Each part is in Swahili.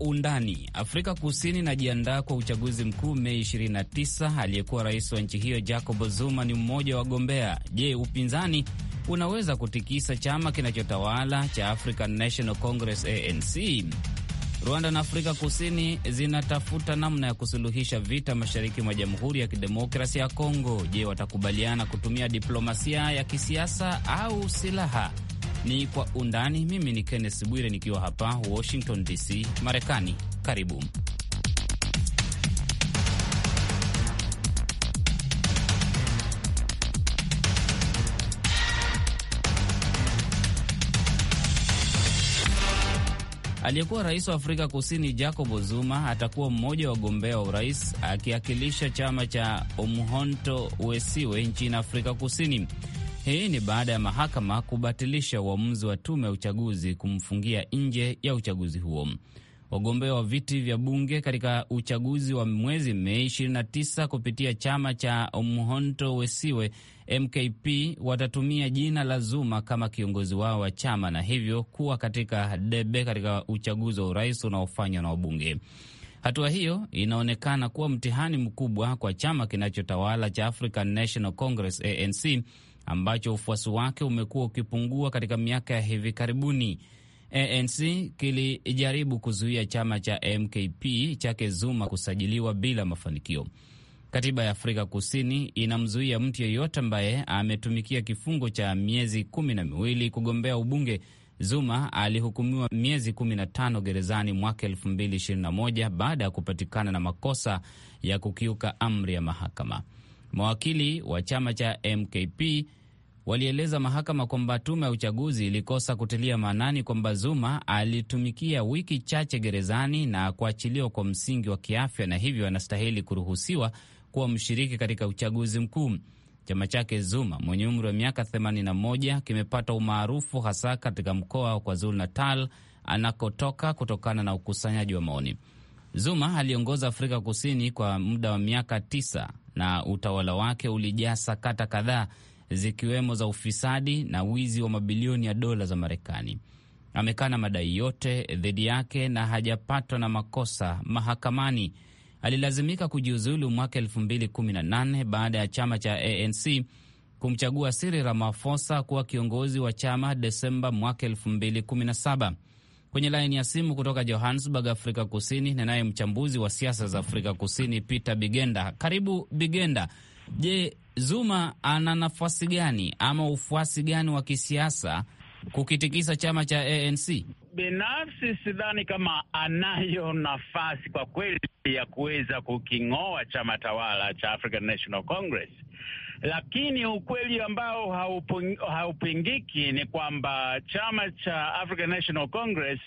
Undani. Afrika Kusini inajiandaa kwa uchaguzi mkuu Mei 29. Aliyekuwa rais wa nchi hiyo Jacob Zuma ni mmoja wa gombea Je, upinzani unaweza kutikisa chama kinachotawala cha African National Congress, ANC? Rwanda na Afrika Kusini zinatafuta namna ya kusuluhisha vita mashariki mwa Jamhuri ya Kidemokrasia ya Kongo. Je, watakubaliana kutumia diplomasia ya kisiasa au silaha? ni Kwa Undani. Mimi ni Kenneth Bwire nikiwa hapa Washington DC, Marekani. Karibu. Aliyekuwa rais wa Afrika Kusini Jacob Zuma atakuwa mmoja wa wagombea wa urais akiakilisha chama cha umhonto Wesiwe nchini Afrika Kusini. Hii ni baada ya mahakama kubatilisha uamuzi wa tume ya uchaguzi kumfungia nje ya uchaguzi huo. Wagombea wa viti vya bunge katika uchaguzi wa mwezi Mei 29 kupitia chama cha mhonto Wesiwe MKP watatumia jina la Zuma kama kiongozi wao wa chama na hivyo kuwa katika debe katika uchaguzi wa urais unaofanywa na wabunge. Hatua hiyo inaonekana kuwa mtihani mkubwa kwa chama kinachotawala cha African National Congress ANC ambacho ufuasi wake umekuwa ukipungua katika miaka ya hivi karibuni. ANC kilijaribu kuzuia chama cha MKP chake Zuma kusajiliwa bila mafanikio. Katiba ya Afrika Kusini inamzuia mtu yeyote ambaye ametumikia kifungo cha miezi kumi na miwili kugombea ubunge. Zuma alihukumiwa miezi 15 gerezani mwaka 2021 baada ya kupatikana na makosa ya kukiuka amri ya mahakama. Mawakili wa chama cha MKP walieleza mahakama kwamba tume ya uchaguzi ilikosa kutilia maanani kwamba Zuma alitumikia wiki chache gerezani na kuachiliwa kwa msingi wa kiafya, na hivyo anastahili kuruhusiwa kuwa mshiriki katika uchaguzi mkuu. Chama chake Zuma mwenye umri wa miaka 81 kimepata umaarufu hasa katika mkoa wa KwaZulu Natal anakotoka kutokana na ukusanyaji wa maoni. Zuma aliongoza Afrika Kusini kwa muda wa miaka tisa na utawala wake ulijaa sakata kadhaa zikiwemo za ufisadi na wizi wa mabilioni ya dola za Marekani. Amekana madai yote dhidi yake na hajapatwa na makosa mahakamani. Alilazimika kujiuzulu mwaka 2018 baada ya chama cha ANC kumchagua Cyril Ramaphosa kuwa kiongozi wa chama Desemba mwaka 2017. Kwenye laini ya simu kutoka Johannesburg, Afrika Kusini, ninaye mchambuzi wa siasa za Afrika Kusini, Peter Bigenda. Karibu Bigenda. Je, Zuma ana nafasi gani ama ufuasi gani wa kisiasa kukitikisa chama cha ANC? Binafsi sidhani kama anayo nafasi kwa kweli ya kuweza kuking'oa chama tawala cha African National Congress, lakini ukweli ambao haupingiki ni kwamba chama cha African National Congress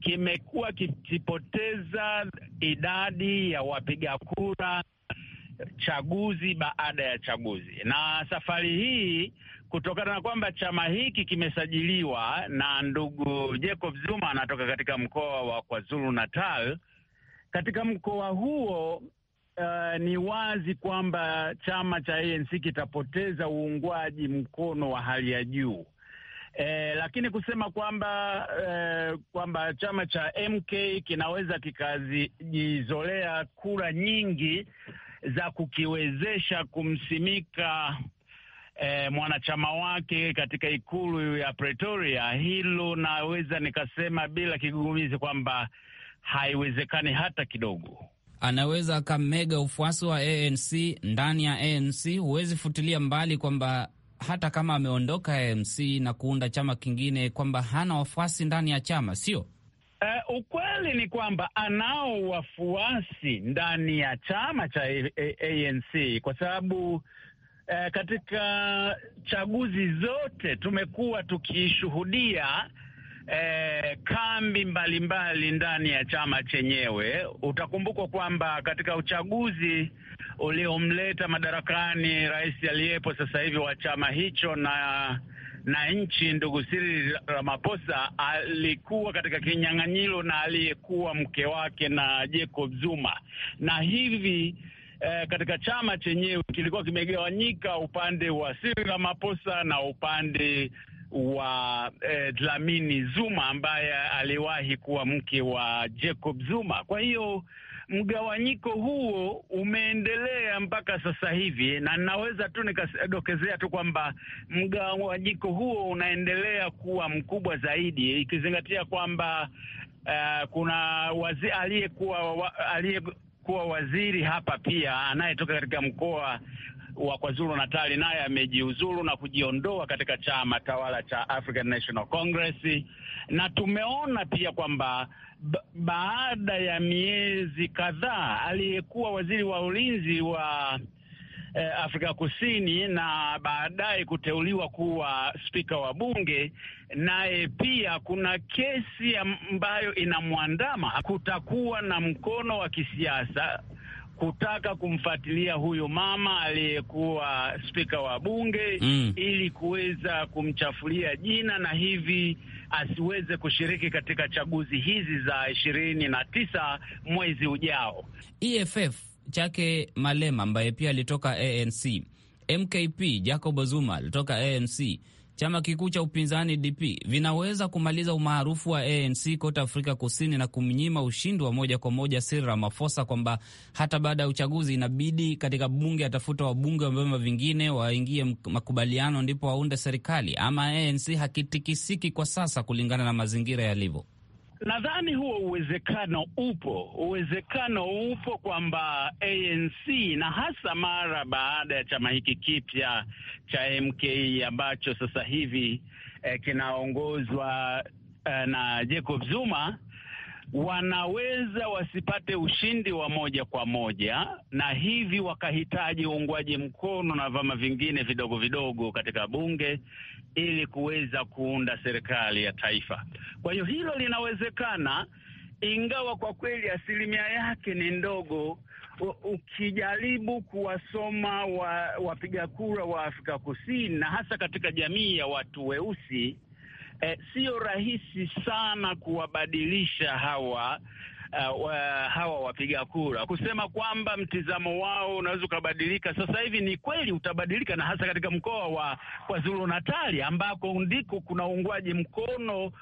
kimekuwa kikipoteza idadi ya wapiga kura chaguzi baada ya chaguzi, na safari hii kutokana na kwamba chama hiki kimesajiliwa na ndugu Jacob Zuma anatoka katika mkoa wa KwaZulu Natal. Katika mkoa huo Eh, ni wazi kwamba chama cha ANC kitapoteza uungwaji mkono wa hali ya juu. Eh, lakini kusema kwamba eh, kwamba chama cha MK kinaweza kikajizolea kura nyingi za kukiwezesha kumsimika eh, mwanachama wake katika ikulu ya Pretoria, hilo naweza nikasema bila kigugumizi kwamba haiwezekani hata kidogo anaweza akamega ufuasi wa ANC ndani ya ANC. Huwezi futilia mbali kwamba hata kama ameondoka amc na kuunda chama kingine, kwamba hana wafuasi ndani ya chama, sio? Uh, ukweli ni kwamba anao wafuasi ndani ya chama cha ANC kwa sababu uh, katika chaguzi zote tumekuwa tukishuhudia eh, kambi mbalimbali mbali ndani ya chama chenyewe. Utakumbukwa kwamba katika uchaguzi uliomleta madarakani rais aliyepo sasa hivi wa chama hicho na na nchi ndugu Cyril Ramaphosa alikuwa katika kinyang'anyiro na aliyekuwa mke wake na Jacob Zuma, na hivi eh, katika chama chenyewe kilikuwa kimegawanyika upande wa Cyril Ramaphosa na upande wa eh, Dlamini Zuma ambaye aliwahi kuwa mke wa Jacob Zuma. Kwa hiyo mgawanyiko huo umeendelea mpaka sasa hivi, na ninaweza tu nikadokezea tu kwamba mgawanyiko huo unaendelea kuwa mkubwa zaidi ikizingatia kwamba uh, kuna waziri aliyekuwa aliyekuwa kuwa waziri hapa pia anayetoka katika mkoa wa KwaZulu Natali naye amejiuzulu na kujiondoa katika chama tawala cha African National Congress, na tumeona pia kwamba baada ya miezi kadhaa aliyekuwa waziri wa ulinzi wa eh, Afrika Kusini na baadaye kuteuliwa kuwa spika wa bunge, naye pia kuna kesi ambayo inamwandama. Kutakuwa na mkono wa kisiasa kutaka kumfuatilia huyo mama aliyekuwa spika wa bunge mm, ili kuweza kumchafulia jina na hivi asiweze kushiriki katika chaguzi hizi za ishirini na tisa mwezi ujao. EFF chake Malema ambaye pia alitoka ANC, MKP Jacob Zuma alitoka ANC, chama kikuu cha upinzani DP vinaweza kumaliza umaarufu wa ANC kote Afrika Kusini na kumnyima ushindi wa moja kwa moja Cyril Ramaphosa, kwamba hata baada ya uchaguzi inabidi katika bunge atafuta wabunge wa vyama vingine waingie makubaliano, ndipo waunde serikali, ama ANC hakitikisiki kwa sasa kulingana na mazingira yalivyo. Nadhani huo uwezekano upo, uwezekano upo kwamba ANC na hasa mara baada ya chama hiki kipya cha MK e ambacho sasa hivi eh, kinaongozwa eh, na Jacob Zuma wanaweza wasipate ushindi wa moja kwa moja, na hivi wakahitaji uungwaji mkono na vyama vingine vidogo vidogo katika bunge ili kuweza kuunda serikali ya taifa. Kwa hiyo hilo linawezekana, ingawa kwa kweli asilimia yake ni ndogo. Ukijaribu kuwasoma wapiga kura wa Afrika Kusini na hasa katika jamii ya watu weusi, eh, sio rahisi sana kuwabadilisha hawa uh, wa, hawa wapiga kura kusema kwamba mtizamo wao unaweza ukabadilika sasa hivi. Ni kweli utabadilika, na hasa katika mkoa wa KwaZulu Natali ambako ndiko kuna uungwaji mkono uh,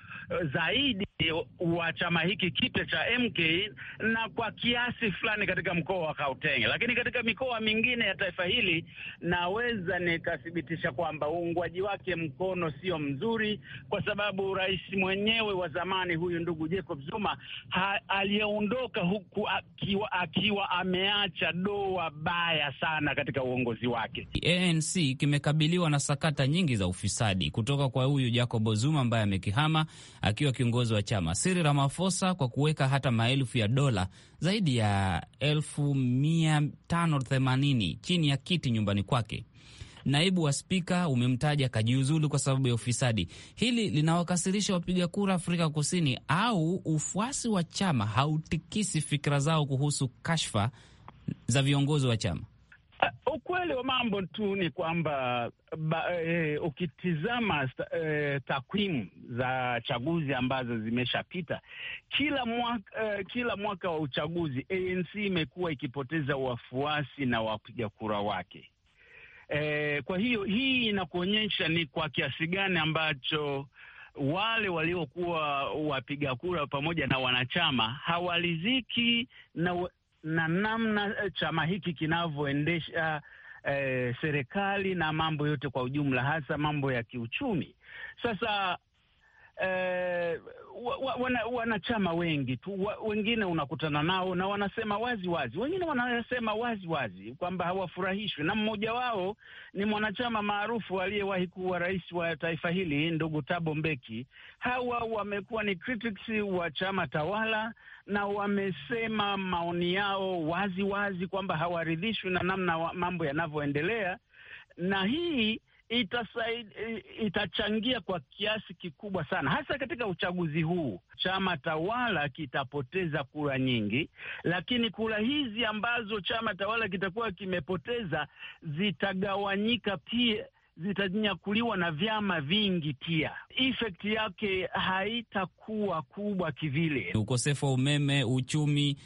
zaidi wa chama hiki kipya cha MK na kwa kiasi fulani katika mkoa wa Kautenge, lakini katika mikoa mingine ya taifa hili naweza nikathibitisha kwamba uungwaji wake mkono sio mzuri, kwa sababu rais mwenyewe wa zamani huyu ndugu Jacob Zuma aliyeondoka huku akiwa, akiwa ameacha doa baya sana katika uongozi wake. ANC kimekabiliwa na sakata nyingi za ufisadi kutoka kwa huyu Jacob Zuma ambaye amekihama akiwa kiongozi wa wanachama Cyril Ramaphosa kwa kuweka hata maelfu ya dola zaidi ya elfu mia tano themanini chini ya kiti nyumbani kwake. Naibu wa spika umemtaja kajiuzulu kwa sababu ya ufisadi. Hili linawakasirisha wapiga kura Afrika Kusini, au ufuasi wa chama hautikisi fikira zao kuhusu kashfa za viongozi wa chama? Uh, ukweli wa mambo tu ni kwamba e, ukitizama e, takwimu za chaguzi ambazo zimeshapita kila mwaka, eh, kila mwaka wa uchaguzi ANC imekuwa ikipoteza wafuasi na wapiga kura wake. E, kwa hiyo hii inakuonyesha ni kwa kiasi gani ambacho wale waliokuwa wapiga kura pamoja na wanachama hawaliziki na na namna eh, chama hiki kinavyoendesha eh, serikali na mambo yote kwa ujumla, hasa mambo ya kiuchumi. Sasa eh, wanachama wana wengi tu wa, wengine unakutana nao na wanasema wazi wazi, wengine wanasema wazi wazi kwamba hawafurahishwi, na mmoja wao ni mwanachama maarufu aliyewahi kuwa rais wa taifa hili, ndugu Thabo Mbeki. Hawa wamekuwa ni critics wa chama tawala na wamesema maoni yao wazi wazi kwamba hawaridhishwi na namna mambo yanavyoendelea, na hii itasaid, itachangia kwa kiasi kikubwa sana, hasa katika uchaguzi huu. Chama tawala kitapoteza kura nyingi, lakini kura hizi ambazo chama tawala kitakuwa kimepoteza zitagawanyika pia zitanyakuliwa na vyama vingi, pia effect yake haitakuwa kubwa kivile. Ukosefu wa umeme, uchumi,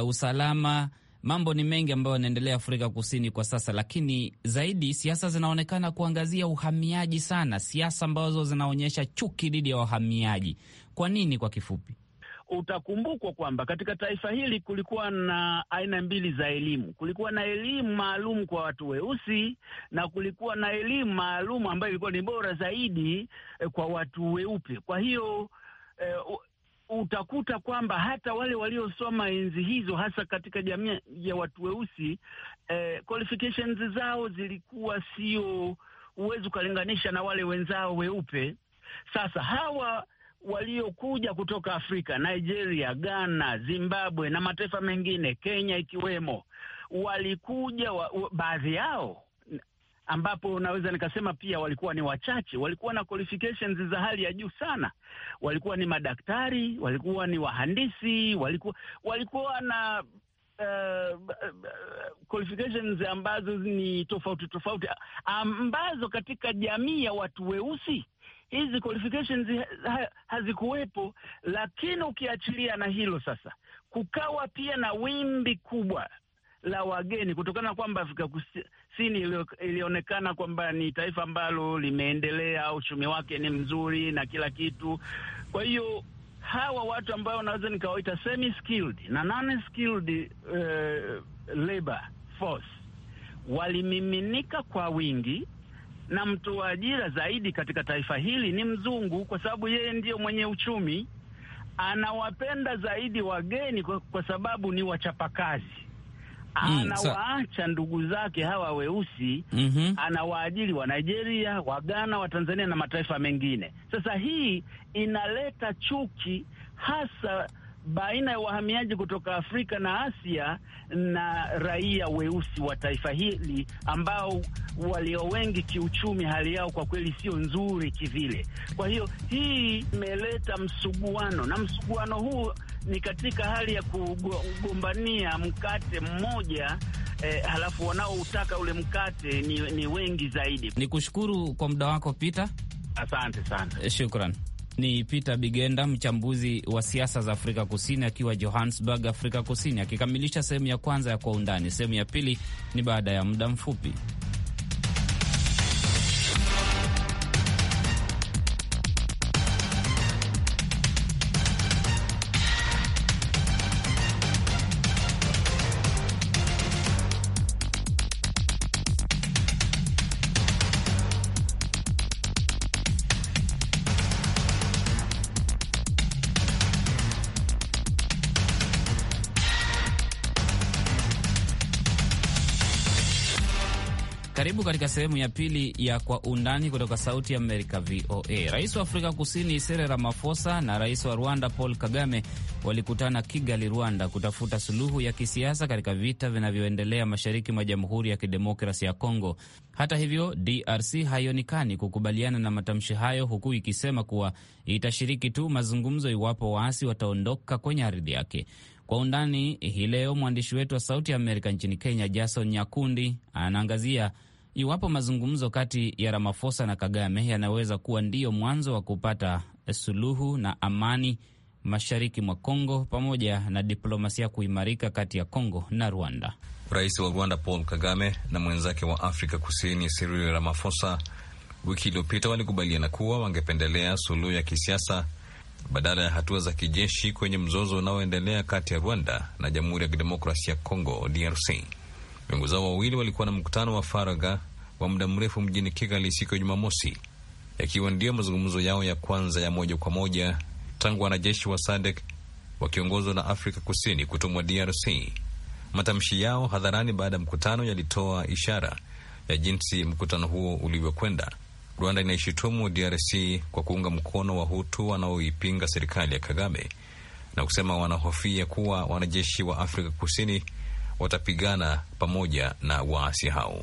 uh, usalama mambo ni mengi ambayo yanaendelea Afrika Kusini kwa sasa, lakini zaidi siasa zinaonekana kuangazia uhamiaji sana, siasa ambazo zinaonyesha chuki dhidi ya wahamiaji. Kwa nini? Kwa kifupi, utakumbukwa kwamba katika taifa hili kulikuwa na aina mbili za elimu. Kulikuwa na elimu maalum kwa watu weusi na kulikuwa na elimu maalum ambayo ilikuwa ni bora zaidi eh, kwa watu weupe. Kwa hiyo eh, utakuta kwamba hata wale waliosoma enzi hizo hasa katika jamii ya watu weusi eh, qualifications zao zilikuwa sio, huwezi ukalinganisha na wale wenzao weupe. Sasa hawa waliokuja kutoka Afrika, Nigeria, Ghana, Zimbabwe na mataifa mengine, Kenya ikiwemo, walikuja wa, wa, baadhi yao ambapo naweza nikasema pia walikuwa ni wachache, walikuwa na qualifications za hali ya juu sana. Walikuwa ni madaktari, walikuwa ni wahandisi, walikuwa walikuwa na uh, qualifications ambazo ni tofauti tofauti, ambazo katika jamii ya watu weusi hizi qualifications hazikuwepo. Lakini ukiachilia na hilo sasa, kukawa pia na wimbi kubwa la wageni kutokana na kwamba Afrika Kusini ilionekana kwamba ni taifa ambalo limeendelea, uchumi wake ni mzuri na kila kitu. Kwa hiyo hawa watu ambao naweza nikawaita semi skilled na non skilled uh, eh, labor force walimiminika kwa wingi na wa ajira zaidi katika taifa hili ni mzungu, kwa sababu yeye ndiyo mwenye uchumi. Anawapenda zaidi wageni kwa, kwa sababu ni wachapakazi. Hmm, Anawaacha ndugu zake hawa weusi mm -hmm. Anawaajili wa Nigeria, wa Ghana, wa Tanzania na mataifa mengine. Sasa hii inaleta chuki hasa baina ya wahamiaji kutoka Afrika na Asia na raia weusi wa taifa hili ambao walio wengi kiuchumi, hali yao kwa kweli sio nzuri kivile. Kwa hiyo hii imeleta msuguano, na msuguano huu ni katika hali ya kugombania mkate mmoja. Eh, halafu wanaoutaka ule mkate ni, ni wengi zaidi. Nikushukuru kwa muda wako Peter, asante sana, eh, shukran. Ni Peter Bigenda, mchambuzi wa siasa za Afrika Kusini akiwa Johannesburg, Afrika Kusini, akikamilisha sehemu ya kwanza ya Kwa Undani. Sehemu ya pili ni baada ya muda mfupi. Karibu katika sehemu ya pili ya Kwa Undani kutoka Sauti ya Amerika, VOA. Rais wa Afrika Kusini Cyril Ramaphosa na rais wa Rwanda Paul Kagame walikutana Kigali, Rwanda, kutafuta suluhu ya kisiasa katika vita vinavyoendelea mashariki mwa Jamhuri ya Kidemokrasi ya Kongo. Hata hivyo, DRC haionekani kukubaliana na matamshi hayo, huku ikisema kuwa itashiriki tu mazungumzo iwapo waasi wataondoka kwenye ardhi yake. Kwa undani hii leo, mwandishi wetu wa Sauti ya Amerika nchini Kenya, Jason Nyakundi, anaangazia iwapo mazungumzo kati ya ramafosa na Kagame yanaweza kuwa ndiyo mwanzo wa kupata suluhu na amani mashariki mwa Kongo pamoja na diplomasia kuimarika kati ya Kongo na Rwanda. Rais wa Rwanda Paul Kagame na mwenzake wa Afrika Kusini Cyril ramafosa wiki iliyopita walikubaliana kuwa wangependelea suluhu ya kisiasa badala ya hatua za kijeshi kwenye mzozo unaoendelea kati ya Rwanda na Jamhuri ya Kidemokrasia ya Kongo DRC. Viongozi hao wawili walikuwa na mkutano wa faragha wa muda mrefu mjini Kigali siku ya Jumamosi, yakiwa ndiyo mazungumzo yao ya kwanza ya moja kwa moja tangu wanajeshi wa SADC wakiongozwa na Afrika Kusini kutumwa DRC. Matamshi yao hadharani baada ya mkutano yalitoa ishara ya jinsi mkutano huo ulivyokwenda. Rwanda inaishutumu DRC kwa kuunga mkono wa hutu wanaoipinga serikali ya Kagame na kusema wanahofia kuwa wanajeshi wa Afrika Kusini watapigana pamoja na waasi hao.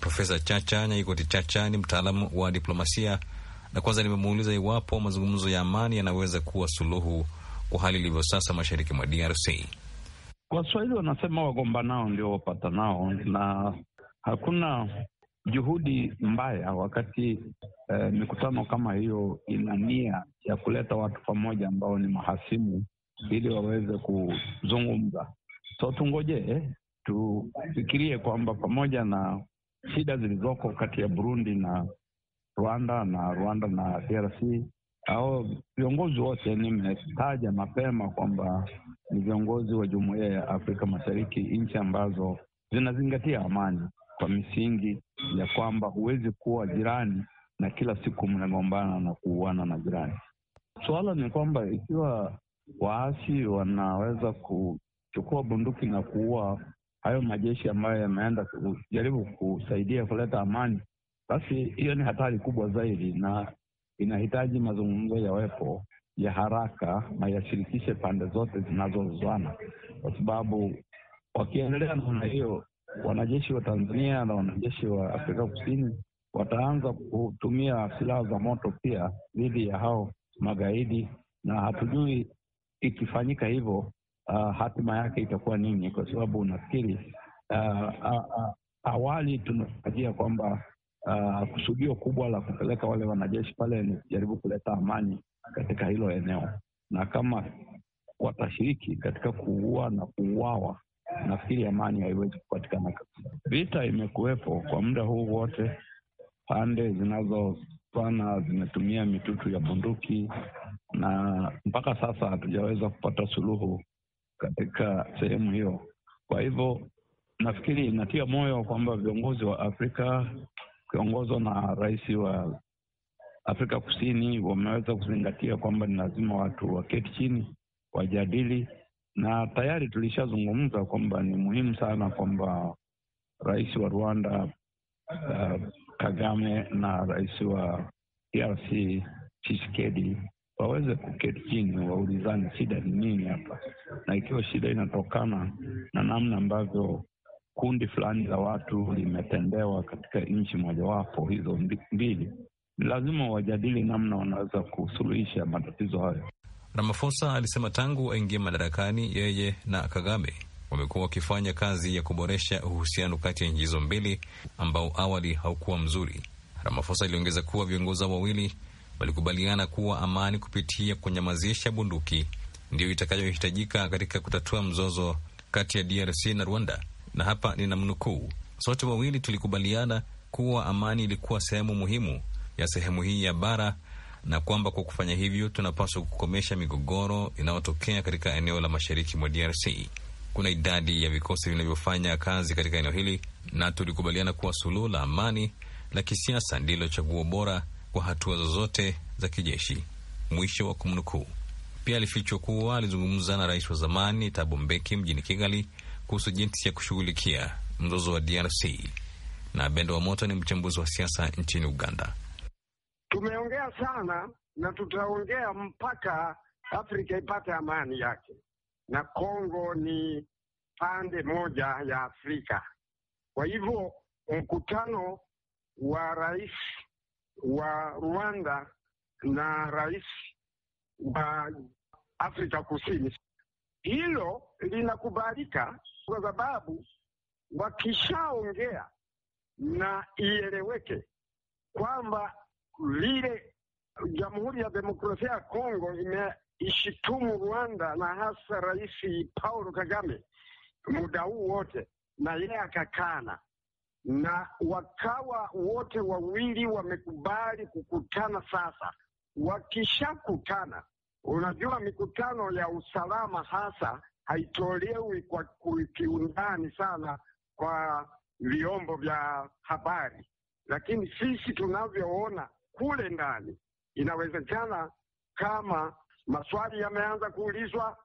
Profesa Chacha Nyaigoti Chacha ni mtaalamu wa diplomasia, na kwanza nimemuuliza iwapo mazungumzo ya amani yanaweza kuwa suluhu kwa hali ilivyo sasa mashariki mwa DRC. Waswahili wanasema wagombanao ndio wapatanao, na hakuna juhudi mbaya wakati eh, mikutano kama hiyo ina nia ya kuleta watu pamoja ambao ni mahasimu ili waweze kuzungumza. So tungojee eh, tufikirie kwamba pamoja na shida zilizoko kati ya Burundi na Rwanda na Rwanda na DRC au viongozi wote, nimetaja mapema kwamba ni viongozi wa Jumuiya ya Afrika Mashariki, nchi ambazo zinazingatia amani kwa misingi ya kwamba huwezi kuwa jirani na kila siku mnagombana na kuuana na jirani. Suala ni kwamba ikiwa waasi wanaweza ku kuchukua bunduki na kuua hayo majeshi ambayo yameenda kujaribu kusaidia kuleta amani, basi hiyo ni hatari kubwa zaidi, na inahitaji mazungumzo yawepo ya haraka na yashirikishe pande zote zinazozozana, kwa sababu wakiendelea namna hiyo, wanajeshi wa Tanzania na wanajeshi wa Afrika Kusini wataanza kutumia silaha za moto pia dhidi ya hao magaidi, na hatujui ikifanyika hivyo uh, hatima yake itakuwa nini, kwa sababu nafikiri uh, uh, uh, awali tunatarajia kwamba uh, kusudio kubwa la kupeleka wale wanajeshi pale ni kujaribu kuleta amani katika hilo eneo, na kama watashiriki katika kuua na kuuawa, nafikiri amani haiwezi kupatikana kabisa. Vita imekuwepo kwa muda huu wote, pande zinazopana zimetumia mitutu ya bunduki na mpaka sasa hatujaweza kupata suluhu katika sehemu hiyo. Kwa hivyo nafikiri inatia moyo kwamba viongozi wa Afrika ukiongozwa na rais wa Afrika Kusini wameweza kuzingatia kwamba ni lazima watu waketi chini wajadili, na tayari tulishazungumza kwamba ni muhimu sana kwamba rais wa Rwanda uh, Kagame na rais wa DRC Tshisekedi waweze kuketi chini, waulizane shida ni nini hapa, na ikiwa shida inatokana na namna ambavyo kundi fulani la watu limetendewa katika nchi mojawapo hizo mbili, ni lazima wajadili namna wanaweza kusuluhisha matatizo hayo. ramafosa alisema tangu aingie madarakani, yeye na Kagame wamekuwa wakifanya kazi ya kuboresha uhusiano kati ya nchi hizo mbili ambao awali haukuwa mzuri. ramafosa aliongeza kuwa viongozi wawili walikubaliana kuwa amani kupitia kunyamazisha bunduki ndiyo itakayohitajika katika kutatua mzozo kati ya DRC na Rwanda, na hapa namnukuu sote wawili tulikubaliana kuwa amani ilikuwa sehemu muhimu ya sehemu hii ya bara na kwamba kwa kufanya hivyo tunapaswa kukomesha migogoro inayotokea katika eneo la mashariki mwa DRC. Kuna idadi ya vikosi vinavyofanya kazi katika eneo hili, na tulikubaliana kuwa suluhu la amani la kisiasa ndilo chaguo bora kwa hatua zozote za kijeshi, mwisho wa kumnukuu. Pia alifichwa kuwa alizungumza na rais wa zamani Thabo Mbeki mjini Kigali kuhusu jinsi ya kushughulikia mzozo wa DRC. Na Bendo wa Moto ni mchambuzi wa siasa nchini Uganda. Tumeongea sana na tutaongea mpaka Afrika ipate amani yake, na Kongo ni pande moja ya Afrika. Kwa hivyo mkutano wa rais wa Rwanda na rais wa Afrika Kusini. Hilo linakubalika kwa sababu wakishaongea na ieleweke kwamba lile Jamhuri ya Demokrasia ya Kongo imeishitumu Rwanda na hasa Rais Paul Kagame muda huu wote, na yeye akakana na wakawa wote wawili wamekubali kukutana. Sasa wakishakutana, unajua mikutano ya usalama hasa haitolewi kwa kiundani sana kwa vyombo vya habari, lakini sisi tunavyoona kule ndani, inawezekana kama maswali yameanza kuulizwa,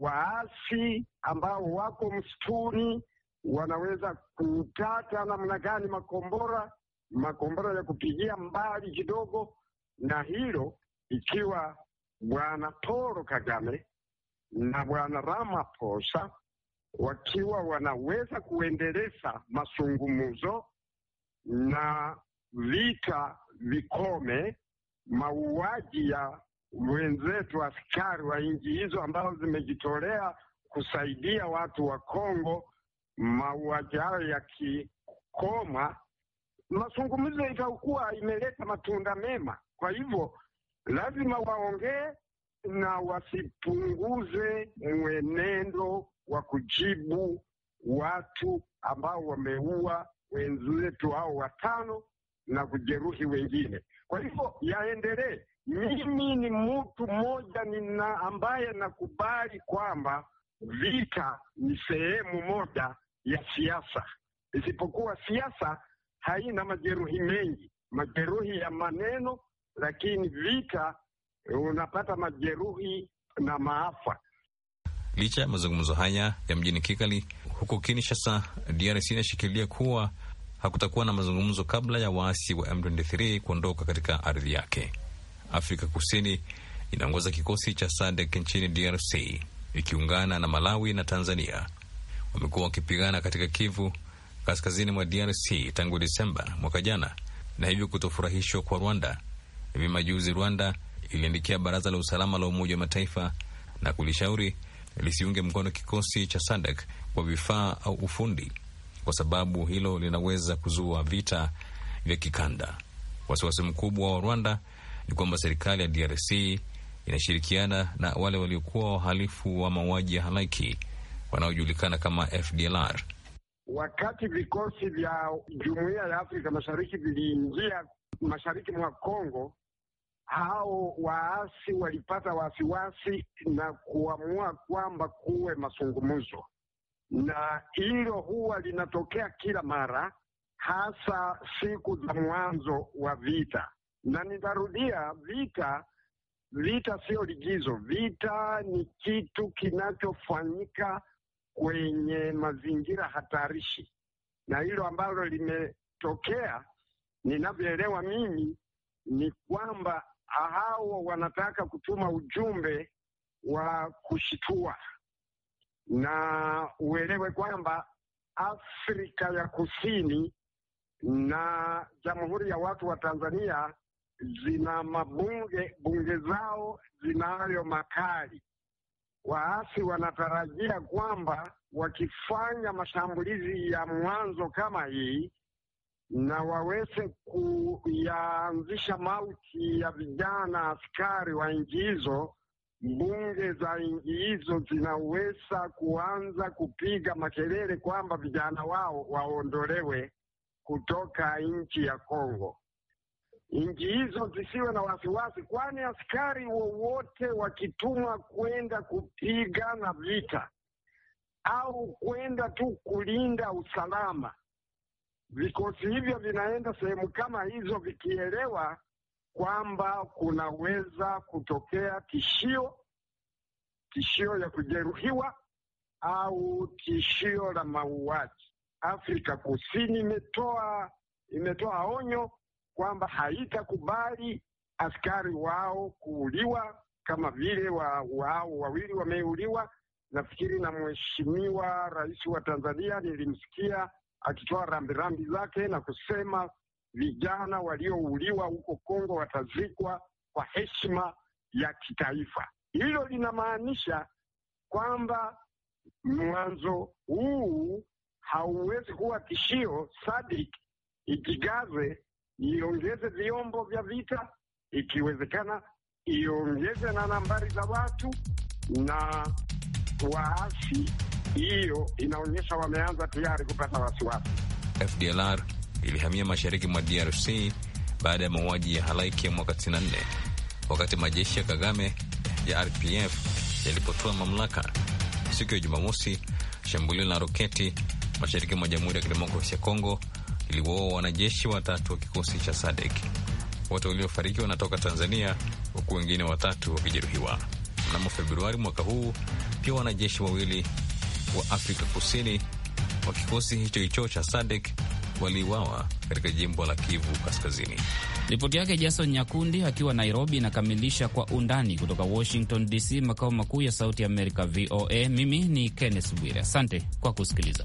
waasi ambao wako msituni wanaweza kutaka namna gani makombora makombora ya kupigia mbali kidogo, na hilo ikiwa bwana Paul Kagame na bwana Ramaphosa wakiwa wanaweza kuendeleza masungumuzo na vita vikome, mauaji ya wenzetu askari wa nchi hizo ambao zimejitolea kusaidia watu wa Kongo mauaji hayo yakikoma, mazungumzo itakuwa imeleta matunda mema. Kwa hivyo lazima waongee na wasipunguze mwenendo wa kujibu watu ambao wameua wenzetu hao watano na kujeruhi wengine. Kwa hivyo yaendelee. Mimi ni mtu mmoja nina ambaye nakubali kwamba vita ni sehemu moja ya siasa, isipokuwa siasa haina majeruhi mengi, majeruhi ya maneno, lakini vita unapata majeruhi na maafa. Licha ya mazungumzo haya ya mjini Kigali, huku Kinshasa, DRC inashikilia kuwa hakutakuwa na mazungumzo kabla ya waasi wa M23 kuondoka katika ardhi yake. Afrika Kusini inaongoza kikosi cha SADC nchini DRC ikiungana na Malawi na Tanzania wamekuwa wakipigana katika Kivu kaskazini mwa DRC tangu Desemba mwaka jana, na hivyo kutofurahishwa kwa Rwanda. Hivi majuzi Rwanda iliandikia Baraza la Usalama la Umoja wa Mataifa na kulishauri lisiunge mkono kikosi cha SADC kwa vifaa au ufundi, kwa sababu hilo linaweza kuzua vita vya kikanda. Wasiwasi mkubwa wa Rwanda ni kwamba serikali ya DRC inashirikiana na wale waliokuwa wahalifu wa mauaji ya halaiki wanaojulikana kama FDLR. Wakati vikosi vya Jumuiya ya Afrika Mashariki viliingia mashariki mwa Kongo, hao waasi walipata wasiwasi na kuamua kwamba kuwe mazungumzo, na hilo huwa linatokea kila mara, hasa siku za mwanzo wa vita. Na nitarudia, vita vita siyo ligizo. Vita ni kitu kinachofanyika kwenye mazingira hatarishi, na hilo ambalo limetokea ninavyoelewa mimi ni kwamba hao wanataka kutuma ujumbe wa kushitua, na uelewe kwamba Afrika ya Kusini na Jamhuri ya Watu wa Tanzania zina mabunge, bunge zao zinayo makali waasi wanatarajia kwamba wakifanya mashambulizi ya mwanzo kama hii na waweze kuyaanzisha mauti ya vijana askari wa nchi hizo, mbunge za nchi hizo zinaweza kuanza kupiga makelele kwamba vijana wao waondolewe kutoka nchi ya Kongo nchi hizo zisiwe na wasiwasi, kwani askari wowote wakitumwa kwenda kupigana vita au kwenda tu kulinda usalama, vikosi hivyo vinaenda sehemu kama hizo vikielewa kwamba kunaweza kutokea tishio, tishio ya kujeruhiwa au tishio la mauaji. Afrika Kusini imetoa imetoa onyo kwamba haitakubali askari wao kuuliwa kama vile wa, wao wawili wameuliwa. Nafikiri na mheshimiwa rais wa Tanzania nilimsikia akitoa rambirambi zake na kusema vijana waliouliwa huko Kongo watazikwa kwa heshima ya kitaifa. Hilo linamaanisha kwamba mwanzo huu hauwezi kuwa tishio sadik ikigaze iongeze vyombo vya vita, ikiwezekana iongeze na nambari za watu na waasi. Hiyo inaonyesha wameanza tayari kupata wasiwasi. FDLR ilihamia mashariki mwa DRC baada ya mauaji ya halaiki ya mwaka 94 wakati majeshi ya Kagame ya RPF yalipotoa mamlaka. Siku ya Jumamosi, shambulio la roketi mashariki mwa Jamhuri ya Kidemokrasia ya Kongo iliwaua wanajeshi watatu wa kikosi cha SADEK. Wote waliofariki wanatoka Tanzania, huku wengine watatu wakijeruhiwa. Mnamo Februari mwaka huu pia wanajeshi wawili wa Afrika Kusini wa kikosi hicho hicho cha SADEK waliuawa katika jimbo la Kivu Kaskazini. Ripoti yake Jason Nyakundi akiwa Nairobi inakamilisha kwa undani kutoka Washington DC, makao makuu ya Sauti ya Amerika, VOA. Mimi ni Kenneth Bwire, asante kwa kusikiliza.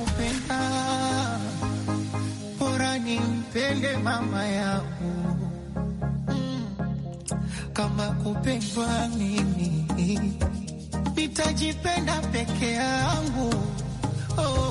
kupenda, bora nimpende mama yangu kama kupendwa mimi nitajipenda peke yangu oh.